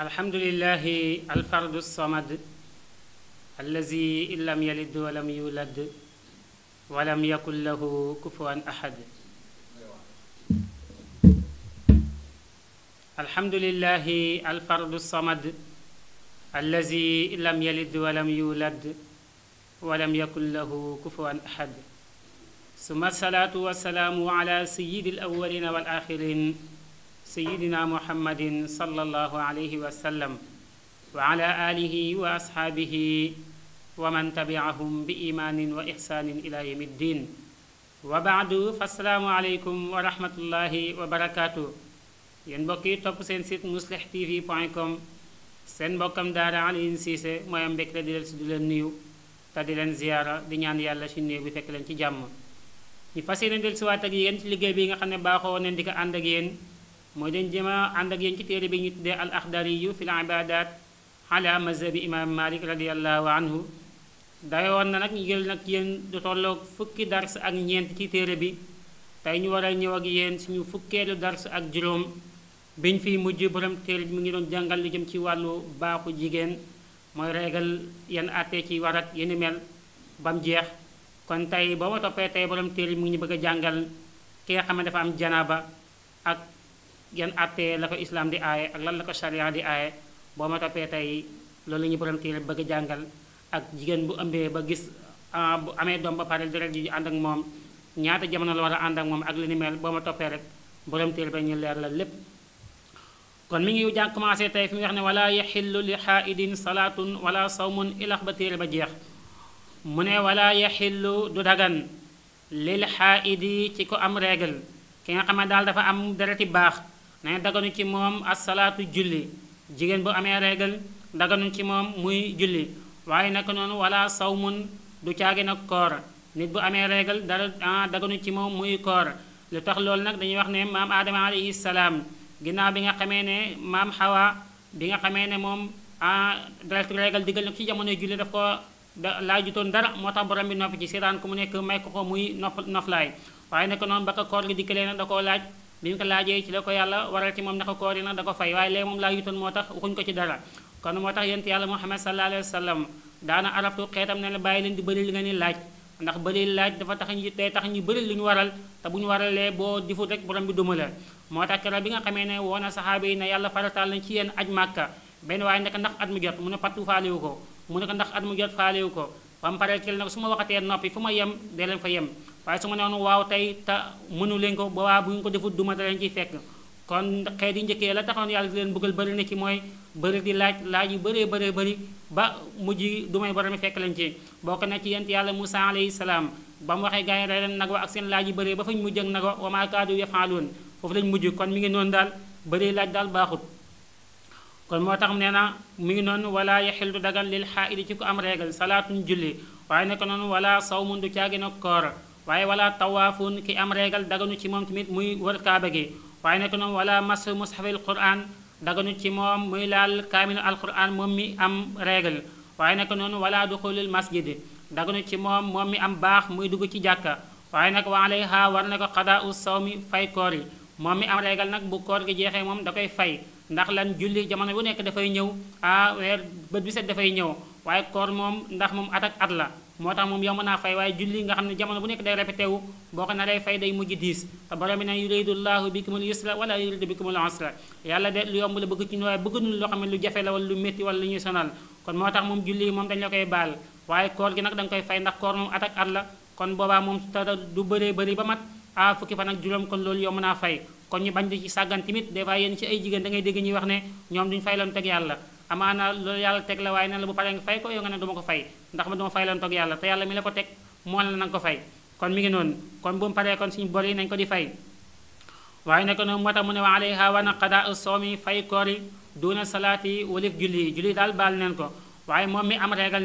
الحمد لله الفرد الصمد الذي إن لم يلد ولم يولد ولم يكن له كفوا أحد الحمد لله الفرد الصمد الذي إن لم يلد ولم يولد ولم يكن له كفوا أحد ثم الصلاة والسلام على سيد الأولين والآخرين sayidina muhammadin sallallahu alayhi wa sallam wa ala wa ashaabihi wa man tabiahum bi imaanin wa ixsaanin ila yawmi ddin wa baadu fa assalaamu aleykum wa rahmatullahi wa barakaatu yéen mbokk yi topp seen sit muslih tv com seen mbokkam daara Alioune Cissé mooy am mbégte di leen si di leen nuyu te di leen ziyaara di ñaan yàlla ci néew bi fekk leen ci jàmm ñu fas yéene dellusiwaat ak yéen ci liggéey bi nga xam ne baaxoo nañ di ko ànd ak yéen mooy leen jéem ànd ak yéen ci téere bi ñu tuddee al axdariyu fi l ibadat ala mazhabi imam malik radiallahu anhu dayoon na nag ñu jël nag yéen du tolloog fukki dars ak ñeent ci téere bi tey ñu war a ñëw ak yéen suñu fukkeelu dars ak juróom biñ fi mujj borom téere bi mu ngi doon jàngal lu jëm ci wàllu baaxu jigéen mooy reegal yan àttee ci warat yeni mel ba mu jeex kon tey boo ma toppee tey borom téere bi mu ngi ñu bëgg jàngal ki nga xam ne dafa am janaaba ak yan àttee la ko islaam di aaye ak lan la ko sharia di aaye boo ma toppee tey loolu la ñu borom téere bëgg a jàngal ak jigéen bu ëmbee ba gis ah, bu amee doom ba pare deret ji ànd ak moom ñaata jamono la war a ànd ak moom ak li boo ma toppee rek borom téere ba ñu leer la lépp kon mi ngi jàng commencé tey fi mu wax ne wala yaxillu li xaaidin salaatun wala sawmun ilax ba téere ba jeex mu ne wala yaxillu du dagan lil xaaidi ci ko am régal ki ne daganu ci moom asalaatu julli jigéen bu amee régal daganu ci moom muy julli waaye naka noonu wala mun du caagi nag koor nit bu amee régal dara ah, daganu ci moom muy koor lu tax loolu nag dañuy wax ne maam aadama alayhi salaam ginnaaw bi nga xamee ne maam xawa bi nga xamee ne moom deret régal ah, diggal nag ci jamono julli daf ko da laajutoon dara moo tax borom bi nopp ci seetaan ku mu nekk may ko ko muy nopp noflaay waaye naka noonu bi ñu ko laajee ci la ko yàlla waral ci moom ne ko koor yi nag da ko fay waaye léegi moom laa yutoon moo tax waxuñ ko ci dara kon moo tax yent yàlla muhammad sallallahu alayhi wa sallam daana araftu xeetam ne la bàyyi leen di bëri nga ni laaj ndax laaj dafa tax ñu day tax ñu bëri lu ñu waral te bu ñu waralee boo difut rek borom bi duma la moo tax keroog bi nga xamee ne woon na saxaaba yi ne yàlla faratal na ci yéen aj màkka benn waaye nekk ndax at mu jot mu ne pattu faalewu ko mu ne ko ndax at mu jot faalewu ko ba mu paree ci la ne ko su ma waxatee noppi fu ma yem dee leen fa yem waaye su ma noonu waaw tey te mënu leen ko ba waa bu ñu ko defut duma da leen ciy fekk kon xeet yi njëkkee la taxoon yàlla di leen buggal bari na ci mooy bëri di laaj laaj yu bëree bëree bëri ba mujj du may borom fekk leen ci bokk na ci yent yàlla Moussa alayhi salaam ba mu waxee gars yi rey wa ak seen laaj yi bëree ba fañ mujj ak nago wa maa kaadu yafaaluun foofu lañ mujj kon mi ngi noonu daal bëri laaj daal baaxut kon moo tax nee naa mu ngi noonu wala yaxillu dagan lil xaa'idi ci am régal salaatun julli waaye nekk noonu wala sawmun du caagi nag waaye wala tawaafuun ki am reegal daganu ci moom tamit muy wër kaaba gi waaye nekk noonu wala mas mushafil quran daganu ci moom muy laal kaamilu alquran moom mi am reegal waaye nekk noonu wala duxulul masjid daganu ci moom moom mi am baax muy dugg ci jàkka waaye nag wa alayha war na ko xadaa u saw mi fay koor yi moom mi am reegal nag bu koor gi jeexee moom da koy fay ndax lan julli jamono bu nekk dafay ñëw a ah weer bët bi set dafay ñëw waaye la moo tax moom yomb naa fay waaye julli nga xam ne jamono bu nekk day répété boo ko naree fay day mujj diis te borom bi ne yuridu llahu bikumul yusra wala yuridu bikumul usra yàlla de lu yomb la bëgg ci ñu waaye bëgganul loo xam ne lu jafe la wala lu métti wala lu ñuy moo tax moom julli moom koy baal waaye koor gi nag da nga koy fay ndax koor moom at ak at la kon boobaa moom te du bëree bëri ba mat a fukki fan ak juróom kon loolu yomb naa fay kon ñu bañ di ci sàggan tamit des fois ci ay jigéen da dégg ñuy wax ne ñoom duñ fay loon teg yàlla amaana loolu yàlla teg la waaye ne la bu paree nga fay ko yow nga duma ko fay ndax ma duma fay lan toog yàlla te yàlla mi la ko teg moo la na nga ko fay kon mi ngi noonu kon bu mu paree kon suñu bor ko waaye nekk noonu moo tax ne na qadaa soomi fay koor yi duuna salaati walif julli julli daal baal moom mi am reegal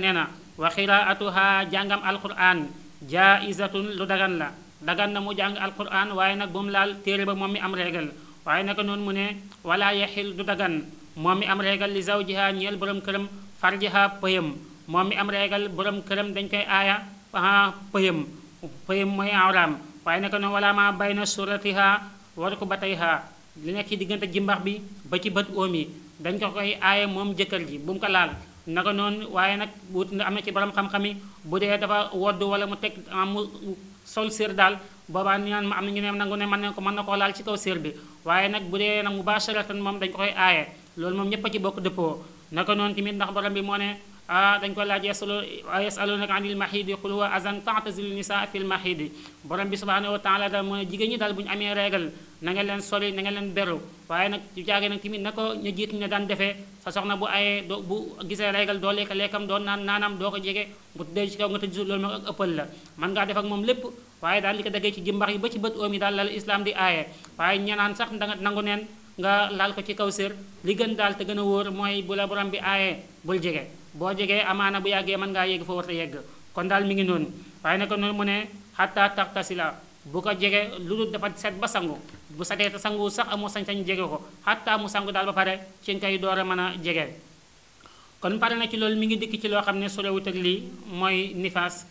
lu dagan la dagan na mu jàng alquran waaye nag bu laal téere ba moom mi am reegal waaye nekk noonu mu ne wala yaxil du dagan moom mi am reegal li zawjiha ñeel borom këram farjiha pëyam moom mi am reegal borom këram dañ koy aaya pëyam pëyam mooy awraam waaye naka noonu wala ma bay na suratiha war ko ba tey ha li nekk ci diggante jimbax bi ba ci bët oom yi dañ ko koy aaya moom jëkkër ji bum ko laal naka noonu waaye nag wut am na ci borom xam-xam yi bu dee dafa wodd wala mu teg ah, mu sol sér daal boobaa ni naan ma am na ñu ne nangu ne mën na ko mën na koo laal ci kaw séer bi waaye nag bu dee nag mubasharatan moom dañ ko koy aaye loolu moom ñépp a ci bokk dëppoo naka noonu tamit ndax borom bi moo ne ah dañ ko laaj yasalunaka anil mahidi qul huwa azan ta'tazilu nisaa fil mahidi borom bi subhanahu wa taala daal mooy jigéen ñi daal bu ñu amee régal na nga leen soli na nga leen beru waaye nag u jaagee nag tamit na ko ñu jiit ñu ne daan defee sa soxna bu ayee doo bu gisee régal doo lekk lekkam doo naan naanam doo ko jege bu tëddee ci kaw nga tëdd suuf loolu moo ëppal la mën ngaa def ak moom lépp waaye daal li ko degee ci jimbax yi ba ci bët oom yi daal lal islam di aaye waaye ñenaan sax danga nangu neen nga laal ko ci kaw sér li gën daal te gën a wóor mooy bu la bi aayee bul boo jegee amaana bu yàggee mën ngaa yegg fa warta yegg kon daal mi ngi noonu waaye nag noonu mu ne xataa taxtasila bu ko jege lu dul dafa set ba sangu bu setee te sangu sax amoo sañ-sañ jege ko xataa mu sangu daal ba pare ci nga koy door a mën a jege kon pare na ci loolu mi ngi dikk ci loo xam ne sorewut ak lii mooy nifaas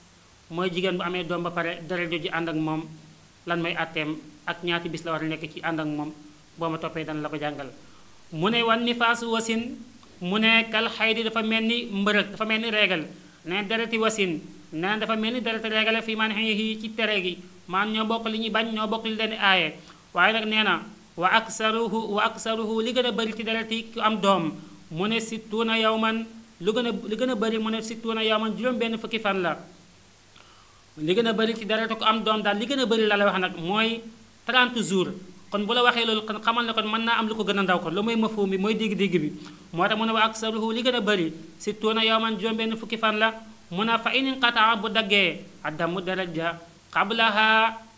mooy jigéen bu amee doom ba pare deret ji ànd ak moom lan mooy atteem ak ñaati bis la war a nekk ci ànd ak moom boo ma toppee dana la ko jàngal mu ne kal xaydi dafa mel ni mbërëg dafa mel ni régal nee dereti wasin nee dafa mel ni dereti régal fii man xëy ci tere gi maam ñoo bokk li ñuy bañ ñoo bokk li leen aaye waaye nag nee na wa aksaruhu wa aksaruhu li gën a bëri ci dereti ku am doom mu ne situna man lu gën a li gën a bëri mu ne situna yawman juróom benn fukki fan la li gën a bëri ci dereti ku am doom daal li gën a bëri la la wax nag mooy 30 jours kon bu la waxee loolu kon xamal ne kon mën naa am lu ko gën a ndaw kon lu mooy mafhum bi mooy dégg-dégg bi moo tax mu ne wa aksaruhu li gën a bëri sittuuna yawman juróom-benn fukki fan la mu ne fa in inqataa bu daggee addamu daraja qablaha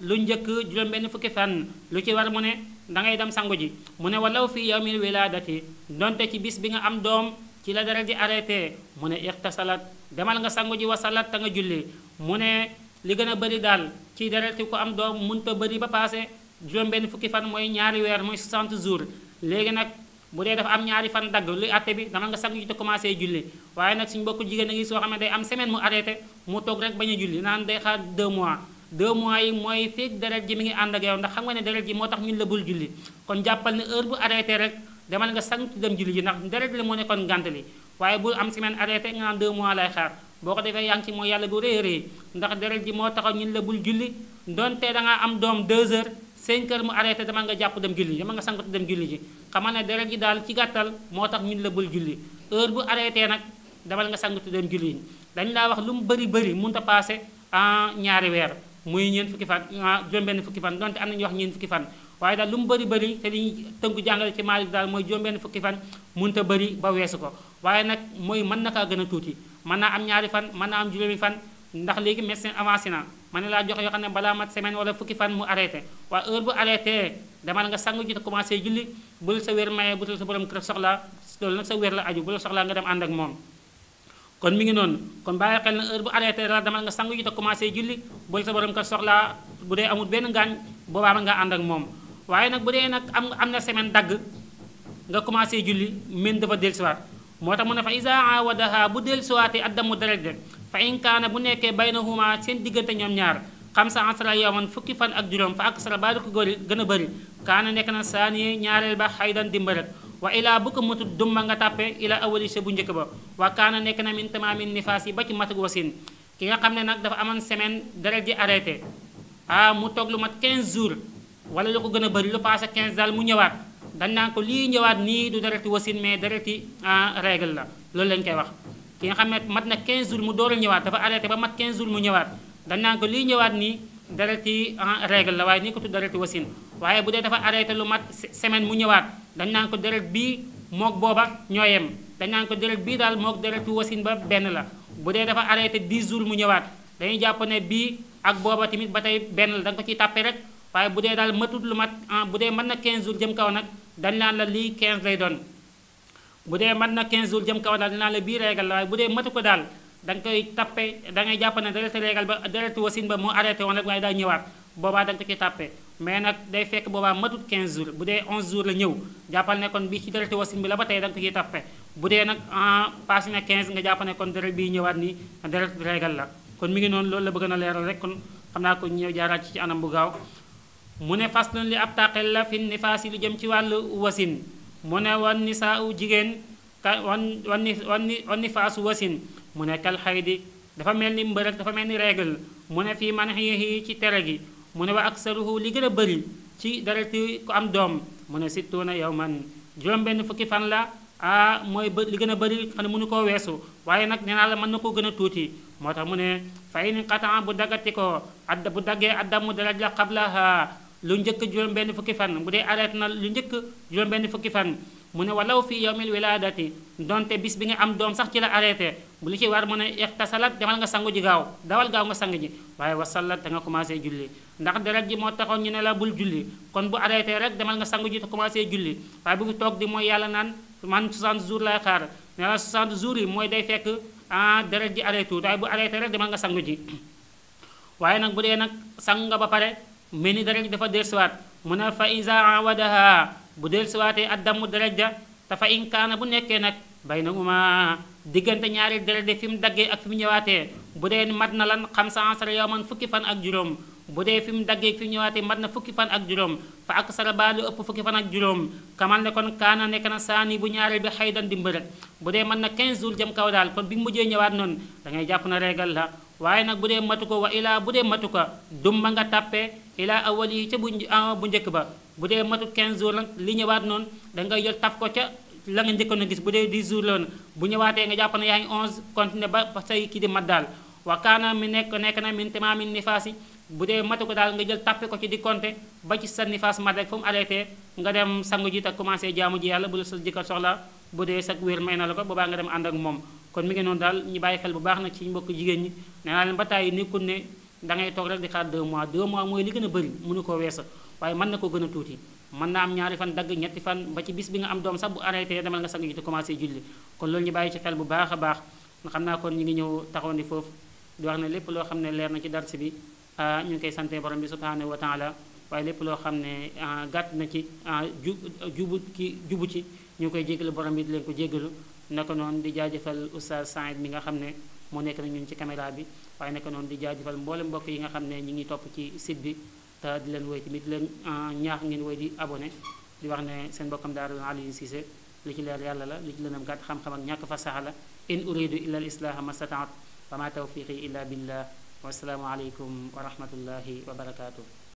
lu njëkk juróom-benn fukki fan lu ci war mu ne dangay dem sangu ji mu ne walaw fi yawmil wilaadati donte ci bis bi nga am doom ci la dara ji arrêté mu ne salaat demal nga sangu ji salaat ta nga julli mu ne li gën a bëri daal ci dara ti ko am doom mënut a bëri ba paase juróom-benn fukki fan mooy ñaari weer mooy 60 jours léegi nag bu dee dafa am ñaari fan dagg luy atte bi dama nga sangu ji commencé julli waaye nag suñu bokk jigéen a ngi soo xam ne day am semaine mu arrêté mu toog rek bañ a naan day xaar 2 mois 2 mois yi mooy fekk deret ji mi ngi ànd ak yow ndax xam nga ne deret ji moo tax ñu la bul julli kon jàppal ne heure bu arrêté rek demal nga sangu dem julli ji ndax deret li moo nekkoon gànt li waaye bul am semaine arrêté nga naan 2 mois lay xaar boo ko defee yaa ngi ci mooy yàlla bu rëy a rëy ndax deret ji moo ñun la bul julli donte da ngaa am doom 2 heures seen kër mu arrêté dama nga jàpp dem julli dama nga sangatu dem julli ji xamal ne deret ji daal ci gàttal moo tax ñun la bul julli heure bu arrêté nag damal nga sangatu dem julli ji dañ laa wax lu mu bëri bëri mun a passé en ñaari weer muy ñeent fukki fan juróom-benn fukki fan donte am na nañu wax ñeent fukki fan waaye daal lu mu bëri bëri te liñu tënku jàngale ci Maalik daal mooy juróom-benn fukki fan mënut a bëri ba weesu ko waaye nag mooy mën na kaa gën a tuuti mën naa am ñaari fan mën naa am juróomi fan ndax léegi médecin avancé na ma ne laa jox yoo xam ne balaa mat semaine wala fukki fan mu arrêté waaye heure bu arrêté demal nga sangu ji te commencé julli bul sa wér maye borom kër soxlaa loolu nag sa wér la aju bu la nga dem ànd ak moom kon mi ngi noonu kon bàyyi xel na heure bu arrêté la demal nga sangu ji te commencé julli sa borom kër soxlaa bu dee amul benn ngaañ boobaa ma nga ànd ak moom waaye nag bu dee nag am am na semaine dagg nga commencé julli mën dafa dellusiwaat moo tax mu ne fa isa awadaha bu del dellusiwaatee addamu deret de fa in kaana bu nekkee baynahuma seen diggante ñoom ñaar xam sa ansara yowman fukki fan ak juróom fa ak sara baa di ko góori gën a bëri nekk na saani ñaareel ba xaydan dimbarat wa ilaa bu ko matut dumma nga tàppe ila awali bu njëkk ba wa kaana nekk na min tamaamin nifaas yi ba ci matug wasin ki nga xam ne nag dafa amoon semaine deret ji arrêté ah mu toog lu mat 15 jours wala lu ko gën a bëri lu passé 15 daal mu ñëwaat dañ naan ko lii ñëwaat nii du dereti wasin mais dereti ah, règle la loolu lañ koy wax ki nga xam mat na quinze jours mu door ñëwaat dafa arrêté ba mat 15 jours mu ñëwaat dañ naan ko lii ñëwaat nii dereti en règle la waaye ni ko tudd dereti wasin waaye bu dee dafa arrêté lu mat semaine mu ñëwaat dañ naan ko deret bii mook booba ñoo yem dañ naan ko deret bii daal mook dereti wasin ba benn la bu dee dafa arrêté 10 jours mu ñëwaat dañuy jàpp ne bii ak booba tamit ba tey benn la da ko ciy tàppe rek waaye bu dee daal matut lu mat bu dee mën na 15 jours jëm kaw nag dañ naan la lii 15 lay doon bu dee mat na 15 jours jëm kaw daal dinaa la bii régal la waaye bu dee matu ko daal da nga koy tappe da ngay jàpp ne deret régal ba deret wasin ba moo arrêté woon rek waaye daa ñëwaat boobaa da nga koy tappe mais nag day fekk boobaa matut 15 jours bu dee 11 jours la ñëw jàppal ne kon bii ci deret wasin bi la ba tey da nga koy tappe bu dee nag ah, passé na 15 nga jàpp ne kon deret bii ñëwaat ni deret régal la kon mi ngi noonu loolu la bëgg na leeral rek kon xam naa ko ñëw jaaraat ci anam bu gaaw mu ne faslun li ab taqel la fi nifaasi lu jëm ci wàllu wasin mu ne wan nisaau jigéen ka wan wan ni wan ni wan ni faasu wasin mu ne kal xaydi dafa mel ni mbërëg dafa mel ni règle mu ne fii man xiixi ci tere gi mu ne wa aksaruhu li gën a bëri ci dereti ku am doom mu ne sittuuna yow man juróom-benn fukki fan la ah mooy bë li gën a bëri xam ne nu ko weesu waaye nag nee naa la mën na koo gën a tuuti moo tax mu ne fa in qatan bu daggati ko adda bu daggee addamu daraj la qablaha lu njëkk juróom-benn fukki fan bu dee arrêté na lu njëkk juróom-benn fukki fan mu ne walaw fii yawmil wilaadati donte bis bi nga am doom sax ci la arrêté bu li ci war mu ne ixtasalat demal nga sangu ji gaaw dawal gaaw nga sang ji waaye wasallat da nga commencé julli ndax deret ji moo taxoon ñu ne la bul julli kon bu arrêté rek demal nga sangu ji te commencé julli waaye bu toog di mooy yàlla naan man 60 jours lay xaar ne la 60 jours yi mooy day fekk ah deret ji arrêté wut waaye bu demal nga sangu ji waaye nag bu dee mel ni daraj dafa dellusiwaat mu a fa iza awadaha bu dellusiwaatee addamu daraj ja da fa in kaana bu nekkee nag bay na baynahuma diggante ñaari daraj fi mu daggee ak fi mu ñëwaatee bu dee mat na lan xam xamsa asara yawman fukki fan ak juróom bu dee fi mu daggee fi mu ñëwaatee mat na fukki fan ak juróom fa ak sara ba ëpp fukki fan ak juróom kamal ne kon kaana nekk na saani bu ñaareel bi xaydan di mbërëk bu dee mën na 15 jours jëm kaw daal kon bi mujjee ñëwaat noonu da ngay jàpp na reegal la waaye nag bu dee bu dee matu ko dumba nga tàppee ilaa awali ca bu ah, bu njëkk ba bu dee matut 15 jours nag li ñëwaat noonu da jël taf ko ca la nga njëkkoon a gis bu dee 10 jours la woon bu ñëwaatee nga jàpp ne yaa ngi 11 continué di mat daal wa kaana dee matu sa nifaas mat rek ji te commencé jaamu ji yàlla bu la bu dee wér may na la ko boobaa nga dem ànd ak moom kon mi ngi noonu daal ñu bàyyi xel bu baax na ci mbokk jigéen ñi nee leen ba tàyyi nekkul ne da ngay toog rek di xaar 2 mois mooy li gën a bëri mënu ko weesa waaye man na ko gën a tuuti mën naa am ñaari fan dagg ñetti fan ba ci bis bi nga am doom sax bu arrêté demal nga sang ji te commencé julli kon loolu ñu bàyyi ci xel bu baax a baax xam naa kon ñu ngi ñëw di foofu di wax ne lépp loo xam ne leer na ci dars bi ah, ñu ngi koy sante borom bi subhanahu wa taala waaye lépp loo xam ne ah, gàtt na ci ah, jubu ki jubu ci ñu ngi koy jégalu borom bi di leen ko jégalu naka noonu di jaajëfal oustaz Saïd mi nga xam ne moo nekk na ñun ci caméra bi waaye naka noonu di jaajëfal mboolem mbokk yi nga xam ne ñu ngi topp ci site bi te di leen woy mi di leen ah, ñaax ngeen woy di abonné di wax ne seen mbokkam daara Alioune sise li ci leer yàlla la li ci lënam gàtt xam-xam ak ñàkk fa fasaxa la in uridu illa al islaha mastataat wa ma tawfiqi illa billah wa assalaamu aleykum wa rahmatullahi wa barakaatuh